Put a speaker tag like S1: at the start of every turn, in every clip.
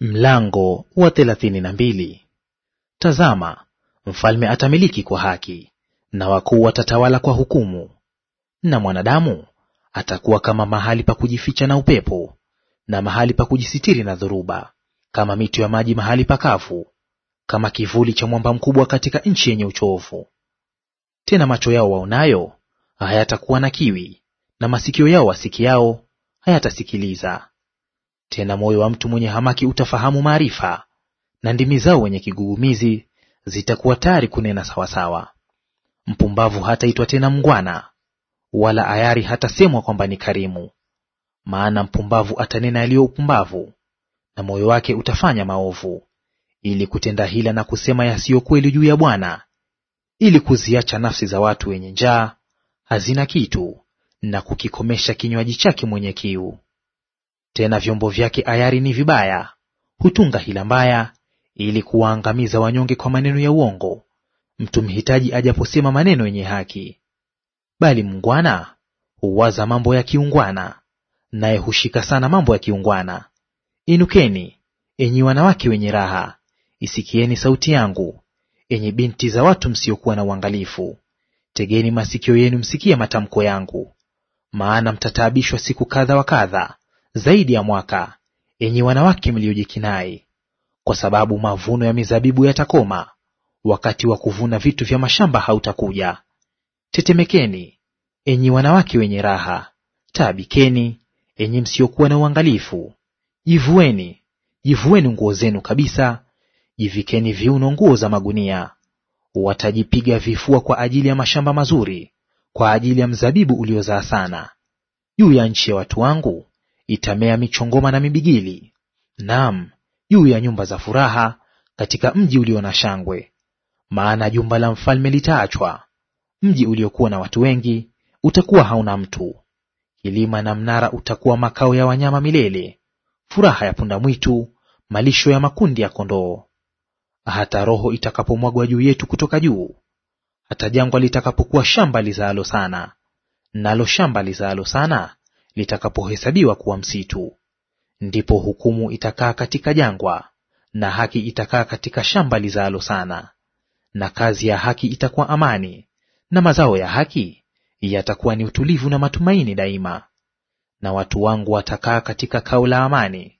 S1: Mlango wa thelathini na mbili. Tazama, mfalme atamiliki kwa haki, na wakuu watatawala kwa hukumu. Na mwanadamu atakuwa kama mahali pa kujificha na upepo, na mahali pa kujisitiri na dhoruba, kama mito ya maji mahali pakavu, kama kivuli cha mwamba mkubwa katika nchi yenye uchovu. Tena macho yao waonayo hayatakuwa na kiwi, na masikio yao wasikiao hayatasikiliza. Tena moyo wa mtu mwenye hamaki utafahamu maarifa, na ndimi zao wenye kigugumizi zitakuwa tayari kunena sawasawa. Mpumbavu hataitwa tena mngwana, wala ayari hatasemwa kwamba ni karimu. Maana mpumbavu atanena yaliyo upumbavu, na moyo wake utafanya maovu, ili kutenda hila na kusema yasiyo kweli juu ya Bwana, ili kuziacha nafsi za watu wenye njaa hazina kitu, na kukikomesha kinywaji chake mwenye kiu. Tena vyombo vyake ayari ni vibaya; hutunga hila mbaya ili kuwaangamiza wanyonge kwa maneno ya uongo, mtu mhitaji ajaposema maneno yenye haki. Bali mngwana huwaza mambo ya kiungwana, naye hushika sana mambo ya kiungwana. Inukeni, enyi wanawake wenye raha, isikieni sauti yangu, enyi binti za watu msiokuwa na uangalifu. Tegeni masikio yenu msikie matamko yangu, maana mtataabishwa siku kadha wa kadha zaidi ya mwaka, enyi wanawake mliojikinai, kwa sababu mavuno ya mizabibu yatakoma, wakati wa kuvuna vitu vya mashamba hautakuja. Tetemekeni, enyi wanawake wenye raha, taabikeni, enyi msiokuwa na uangalifu. Jivueni, jivueni nguo zenu kabisa, jivikeni viuno nguo za magunia. Watajipiga vifua kwa ajili ya mashamba mazuri, kwa ajili ya mzabibu uliozaa sana. Juu ya nchi ya watu wangu itamea michongoma na mibigili, naam, juu ya nyumba za furaha katika mji ulio na shangwe. Maana jumba la mfalme litaachwa, mji uliokuwa na watu wengi utakuwa hauna mtu. Kilima na mnara utakuwa makao ya wanyama milele, furaha ya punda mwitu malisho ya makundi ya kondoo. Hata roho itakapomwagwa juu yetu kutoka juu, hata jangwa litakapokuwa shamba lizaalo sana, nalo shamba lizaalo sana litakapohesabiwa kuwa msitu. Ndipo hukumu itakaa katika jangwa, na haki itakaa katika shamba lizalo sana. Na kazi ya haki itakuwa amani, na mazao ya haki yatakuwa ni utulivu na matumaini daima. Na watu wangu watakaa katika kao la amani,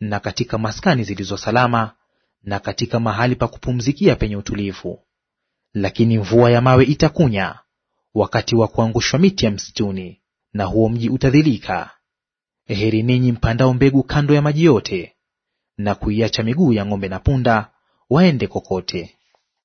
S1: na katika maskani zilizo salama, na katika mahali pa kupumzikia penye utulivu. Lakini mvua ya mawe itakunya wakati wa kuangushwa miti ya msituni, na huo mji utadhilika. Heri ninyi mpandao mbegu kando ya maji yote, na kuiacha miguu ya ng'ombe na punda waende kokote.